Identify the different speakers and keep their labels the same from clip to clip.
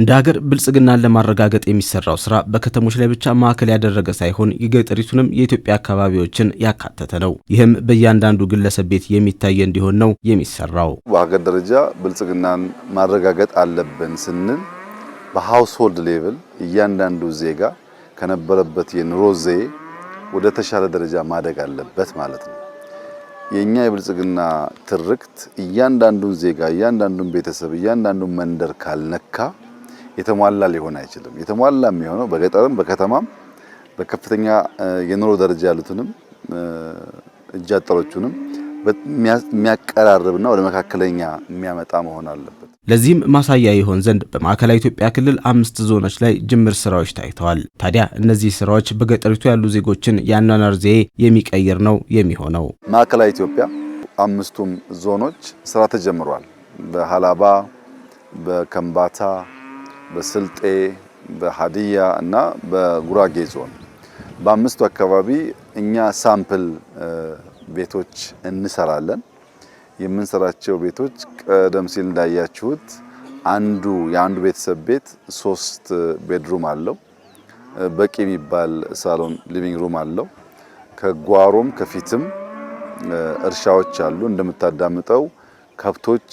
Speaker 1: እንደ ሀገር ብልጽግናን ለማረጋገጥ የሚሰራው ስራ በከተሞች ላይ ብቻ ማዕከል ያደረገ ሳይሆን የገጠሪቱንም የኢትዮጵያ አካባቢዎችን ያካተተ ነው። ይህም በእያንዳንዱ ግለሰብ ቤት የሚታይ እንዲሆን ነው የሚሰራው።
Speaker 2: በሀገር ደረጃ ብልጽግናን ማረጋገጥ አለብን ስንል በሃውስሆልድ ሌቭል እያንዳንዱ ዜጋ ከነበረበት የኑሮ ዘዬ ወደ ተሻለ ደረጃ ማደግ አለበት ማለት ነው። የኛ የብልጽግና ትርክት እያንዳንዱን ዜጋ፣ እያንዳንዱን ቤተሰብ፣ እያንዳንዱን መንደር ካልነካ የተሟላ ሊሆን አይችልም። የተሟላ የሚሆነው በገጠርም በከተማም በከፍተኛ የኑሮ ደረጃ ያሉትንም እጅ አጠሮቹንም የሚያቀራርብና ወደ መካከለኛ የሚያመጣ መሆን አለበት።
Speaker 1: ለዚህም ማሳያ ይሆን ዘንድ በማዕከላዊ ኢትዮጵያ ክልል አምስት ዞኖች ላይ ጅምር ስራዎች ታይተዋል። ታዲያ እነዚህ ስራዎች በገጠሪቱ ያሉ ዜጎችን የአኗኗር ዘዬ የሚቀይር ነው የሚሆነው።
Speaker 2: ማዕከላዊ ኢትዮጵያ አምስቱም ዞኖች ስራ ተጀምሯል። በሀላባ፣ በከምባታ በስልጤ በሀዲያ እና በጉራጌ ዞን በአምስቱ አካባቢ እኛ ሳምፕል ቤቶች እንሰራለን። የምንሰራቸው ቤቶች ቀደም ሲል እንዳያችሁት አንዱ የአንዱ ቤተሰብ ቤት ሶስት ቤድሩም አለው። በቂ የሚባል ሳሎን ሊቪንግ ሩም አለው። ከጓሮም ከፊትም እርሻዎች አሉ። እንደምታዳምጠው ከብቶች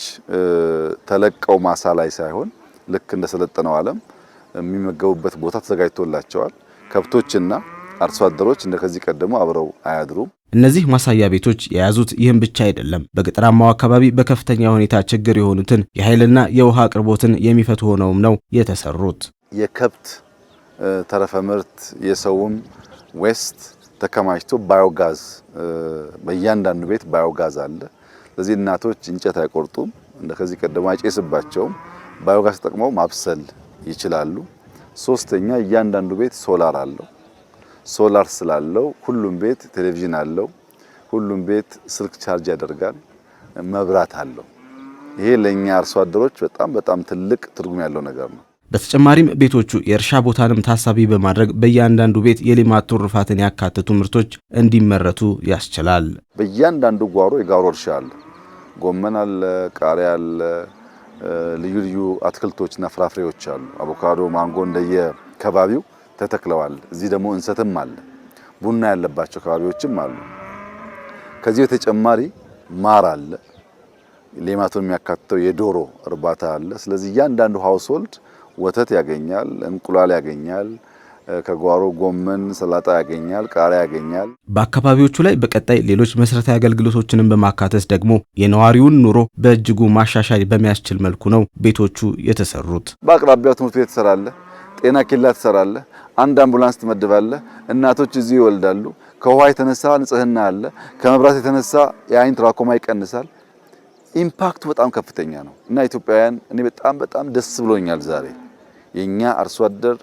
Speaker 2: ተለቀው ማሳ ላይ ሳይሆን ልክ እንደሰለጠነው ዓለም የሚመገቡበት ቦታ ተዘጋጅቶላቸዋል። ከብቶችና አርሶ አደሮች እንደከዚህ ቀደሙ አብረው አያድሩም።
Speaker 1: እነዚህ ማሳያ ቤቶች የያዙት ይህም ብቻ አይደለም። በገጠራማው አካባቢ በከፍተኛ ሁኔታ ችግር የሆኑትን የኃይልና የውሃ አቅርቦትን የሚፈቱ ሆነውም ነው የተሰሩት።
Speaker 2: የከብት ተረፈ ምርት የሰውም ዌስት ተከማችቶ ባዮጋዝ፣ በእያንዳንዱ ቤት ባዮጋዝ አለ። ለዚህ እናቶች እንጨት አይቆርጡም፣ እንደከዚህ ቀደሙ አይጨስባቸውም። ባዮጋስ ተጠቅመው ማብሰል ይችላሉ። ሶስተኛ እያንዳንዱ ቤት ሶላር አለው። ሶላር ስላለው ሁሉም ቤት ቴሌቪዥን አለው። ሁሉም ቤት ስልክ ቻርጅ ያደርጋል፣ መብራት አለው። ይሄ ለእኛ አርሶ አደሮች በጣም በጣም ትልቅ ትርጉም ያለው ነገር ነው።
Speaker 1: በተጨማሪም ቤቶቹ የእርሻ ቦታንም ታሳቢ በማድረግ በእያንዳንዱ ቤት የሌማት ትሩፋትን ያካተቱ ምርቶች እንዲመረቱ ያስችላል።
Speaker 2: በእያንዳንዱ ጓሮ የጓሮ እርሻ አለ። ጎመን አለ፣ ቃሪያ አለ ልዩ ልዩ አትክልቶችና ፍራፍሬዎች አሉ። አቮካዶ፣ ማንጎ እንደየ ከባቢው ተተክለዋል። እዚህ ደግሞ እንሰትም አለ፣ ቡና ያለባቸው ከባቢዎችም አሉ። ከዚህ በተጨማሪ ማር አለ፣ ሌማቱን የሚያካትተው የዶሮ እርባታ አለ። ስለዚህ እያንዳንዱ ሀውስሆልድ ወተት ያገኛል፣ እንቁላል ያገኛል። ከጓሮ ጎመን፣ ሰላጣ ያገኛል፣ ቃሪያ ያገኛል።
Speaker 1: በአካባቢዎቹ ላይ በቀጣይ ሌሎች መሰረታዊ አገልግሎቶችንም በማካተት ደግሞ የነዋሪውን ኑሮ በእጅጉ ማሻሻል በሚያስችል መልኩ ነው ቤቶቹ የተሰሩት።
Speaker 2: በአቅራቢያው ትምህርት ቤት ትሰራለ፣ ጤና ኬላ ትሰራለ፣ አንድ አምቡላንስ ትመድባለ፣ እናቶች እዚ ይወልዳሉ። ከውሃ የተነሳ ንጽህና አለ። ከመብራት የተነሳ የአይን ትራኮማ ይቀንሳል። ኢምፓክቱ በጣም ከፍተኛ ነው እና ኢትዮጵያውያን እኔ በጣም በጣም ደስ ብሎኛል ዛሬ የኛ አርሶ አደር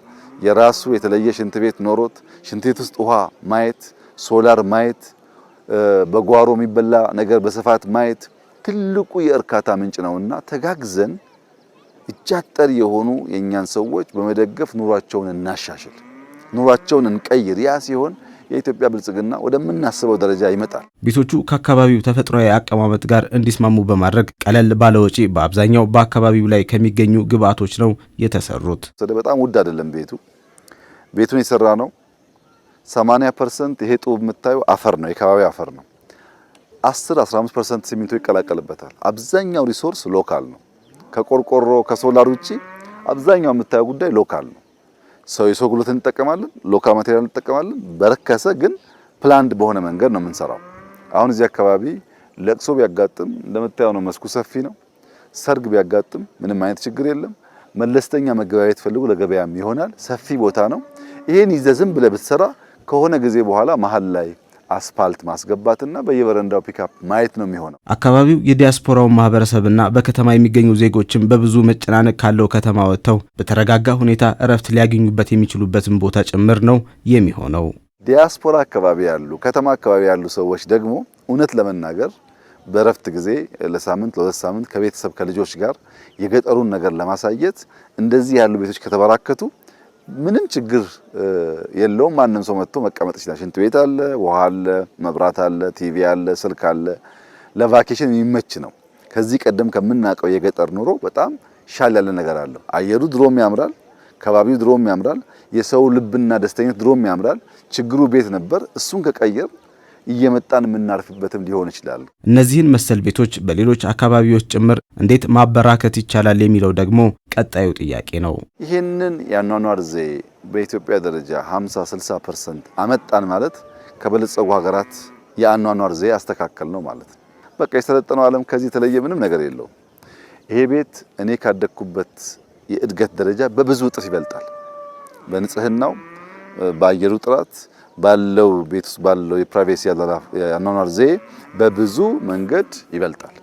Speaker 2: የራሱ የተለየ ሽንት ቤት ኖሮት ሽንት ቤት ውስጥ ውሃ ማየት፣ ሶላር ማየት፣ በጓሮ የሚበላ ነገር በስፋት ማየት ትልቁ የእርካታ ምንጭ ነውና ተጋግዘን እጃጠር የሆኑ የእኛን ሰዎች በመደገፍ ኑሯቸውን እናሻሽል፣ ኑሯቸውን እንቀይር። ያ ሲሆን የኢትዮጵያ ብልጽግና ወደምናስበው ደረጃ ይመጣል።
Speaker 1: ቤቶቹ ከአካባቢው ተፈጥሯዊ አቀማመጥ ጋር እንዲስማሙ በማድረግ ቀለል ባለ ወጪ በአብዛኛው በአካባቢው ላይ ከሚገኙ ግብአቶች ነው የተሰሩት።
Speaker 2: በጣም ውድ አይደለም ቤቱ ቤቱን የሰራ ነው 80 ፐርሰንት ይሄ ጡብ የምታዩ አፈር ነው፣ የከባቢ አፈር ነው። 10 15 ፐርሰንት ሲሚንቶ ይቀላቀልበታል። አብዛኛው ሪሶርስ ሎካል ነው። ከቆርቆሮ ከሶላር ውጪ አብዛኛው የምታዩ ጉዳይ ሎካል ነው። ሰው የሰው ጉልበት እንጠቀማለን፣ ሎካል ማቴሪያል እንጠቀማለን። በረከሰ ግን ፕላንድ በሆነ መንገድ ነው የምንሰራው። አሁን እዚህ አካባቢ ለቅሶ ቢያጋጥም እንደምታየው ነው፣ መስኩ ሰፊ ነው። ሰርግ ቢያጋጥም ምንም አይነት ችግር የለም። መለስተኛ መገበያ የተፈልጉ ለገበያም ይሆናል። ሰፊ ቦታ ነው። ይሄን ይዘህ ዝም ብለህ ብትሰራ ከሆነ ጊዜ በኋላ መሀል ላይ አስፋልት ማስገባትና በየበረንዳው ፒካፕ ማየት ነው የሚሆነው።
Speaker 1: አካባቢው የዲያስፖራውን ማህበረሰብና በከተማ የሚገኙ ዜጎችን በብዙ መጨናነቅ ካለው ከተማ ወጥተው በተረጋጋ ሁኔታ እረፍት ሊያገኙበት የሚችሉበትን ቦታ ጭምር ነው የሚሆነው።
Speaker 2: ዲያስፖራ አካባቢ ያሉ ከተማ አካባቢ ያሉ ሰዎች ደግሞ እውነት ለመናገር በእረፍት ጊዜ ለሳምንት ለሁለት ሳምንት ከቤተሰብ ከልጆች ጋር የገጠሩን ነገር ለማሳየት እንደዚህ ያሉ ቤቶች ከተበራከቱ ምንም ችግር የለውም። ማንም ሰው መጥቶ መቀመጥ ይችላል። ሽንት ቤት አለ፣ ውሃ አለ፣ መብራት አለ፣ ቲቪ አለ፣ ስልክ አለ። ለቫኬሽን የሚመች ነው። ከዚህ ቀደም ከምናውቀው የገጠር ኑሮ በጣም ሻል ያለ ነገር አለው። አየሩ ድሮም ያምራል፣ ከባቢው ድሮም ያምራል፣ የሰው ልብና ደስተኝነት ድሮም ያምራል። ችግሩ ቤት ነበር። እሱን ከቀየር እየመጣን የምናርፍበትም ሊሆን ይችላል።
Speaker 1: እነዚህን መሰል ቤቶች በሌሎች አካባቢዎች ጭምር እንዴት ማበራከት ይቻላል የሚለው ደግሞ ቀጣዩ ጥያቄ ነው።
Speaker 2: ይህንን የአኗኗር ዘዬ በኢትዮጵያ ደረጃ 50 60 ፐርሰንት አመጣን ማለት ከበለጸጉ ሀገራት የአኗኗር ዜ አስተካከል ነው ማለት ነው። በቃ የሰለጠነው ዓለም ከዚህ የተለየ ምንም ነገር የለውም። ይሄ ቤት እኔ ካደግኩበት የእድገት ደረጃ በብዙ እጥፍ ይበልጣል። በንጽህናው፣ በአየሩ ጥራት፣ ባለው ቤት ውስጥ ባለው የፕራይቬሲ ያኗኗር ዜ በብዙ መንገድ ይበልጣል።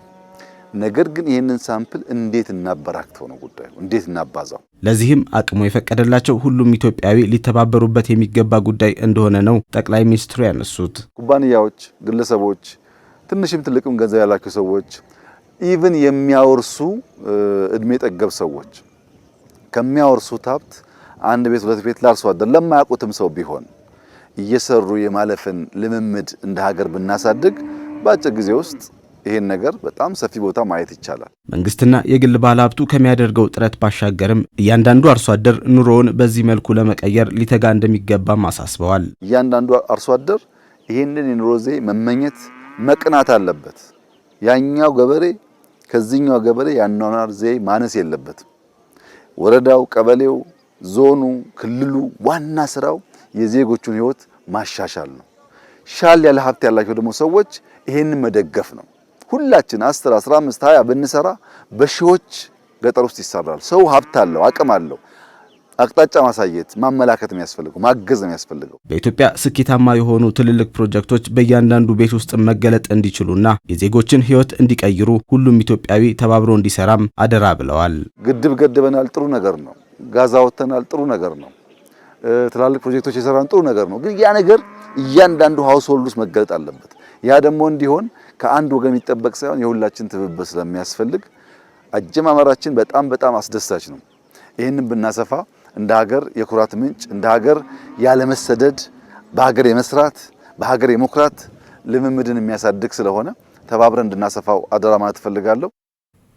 Speaker 2: ነገር ግን ይህንን ሳምፕል እንዴት እናበራክተው ነው ጉዳዩ፣ እንዴት እናባዛው።
Speaker 1: ለዚህም አቅሙ የፈቀደላቸው ሁሉም ኢትዮጵያዊ ሊተባበሩበት የሚገባ ጉዳይ እንደሆነ ነው ጠቅላይ ሚኒስትሩ ያነሱት።
Speaker 2: ኩባንያዎች፣ ግለሰቦች፣ ትንሽም ትልቅም ገንዘብ ያላቸው ሰዎች፣ ኢቭን የሚያወርሱ እድሜ ጠገብ ሰዎች ከሚያወርሱት ሀብት አንድ ቤት ሁለት ቤት ላርሶ አደር ለማያውቁትም ሰው ቢሆን እየሰሩ የማለፍን ልምምድ እንደ ሀገር ብናሳድግ በአጭር ጊዜ ውስጥ ይሄን ነገር በጣም ሰፊ ቦታ ማየት ይቻላል።
Speaker 1: መንግስትና የግል ባለሀብቱ ከሚያደርገው ጥረት ባሻገርም እያንዳንዱ አርሶ አደር ኑሮውን በዚህ መልኩ ለመቀየር ሊተጋ እንደሚገባም አሳስበዋል።
Speaker 2: እያንዳንዱ አርሶ አደር ይህንን የኑሮ ዜ መመኘት መቅናት አለበት። ያኛው ገበሬ ከዚህኛው ገበሬ ያኗኗር ዜ ማነስ የለበትም። ወረዳው፣ ቀበሌው፣ ዞኑ፣ ክልሉ ዋና ስራው የዜጎቹን ህይወት ማሻሻል ነው። ሻል ያለ ሀብት ያላቸው ደግሞ ሰዎች ይህንን መደገፍ ነው። ሁላችን 10 15 20 ብንሰራ በሺዎች ገጠር ውስጥ ይሰራል። ሰው ሀብት አለው፣ አቅም አለው። አቅጣጫ ማሳየት ማመላከት የሚያስፈልገው ማገዝ የሚያስፈልገው
Speaker 1: በኢትዮጵያ ስኬታማ የሆኑ ትልልቅ ፕሮጀክቶች በእያንዳንዱ ቤት ውስጥ መገለጥ እንዲችሉና የዜጎችን ሕይወት እንዲቀይሩ ሁሉም ኢትዮጵያዊ ተባብሮ እንዲሰራም አደራ ብለዋል።
Speaker 2: ግድብ ገድበናል፣ ጥሩ ነገር ነው። ጋዛ ወተናል፣ ጥሩ ነገር ነው። ትላልቅ ፕሮጀክቶች የሰራን ጥሩ ነገር ነው። ግን ያ ነገር እያንዳንዱ ሃውስሆልድ ውስጥ መገለጥ አለበት። ያ ደግሞ እንዲሆን ከአንድ ወገን የሚጠበቅ ሳይሆን የሁላችን ትብብር ስለሚያስፈልግ አጀማመራችን በጣም በጣም አስደሳች ነው። ይህንን ብናሰፋ እንደ ሀገር የኩራት ምንጭ እንደ ሀገር ያለመሰደድ በሀገር የመስራት በሀገር የመኩራት ልምምድን የሚያሳድግ ስለሆነ ተባብረን እንድናሰፋው አደራ ማለት እፈልጋለሁ።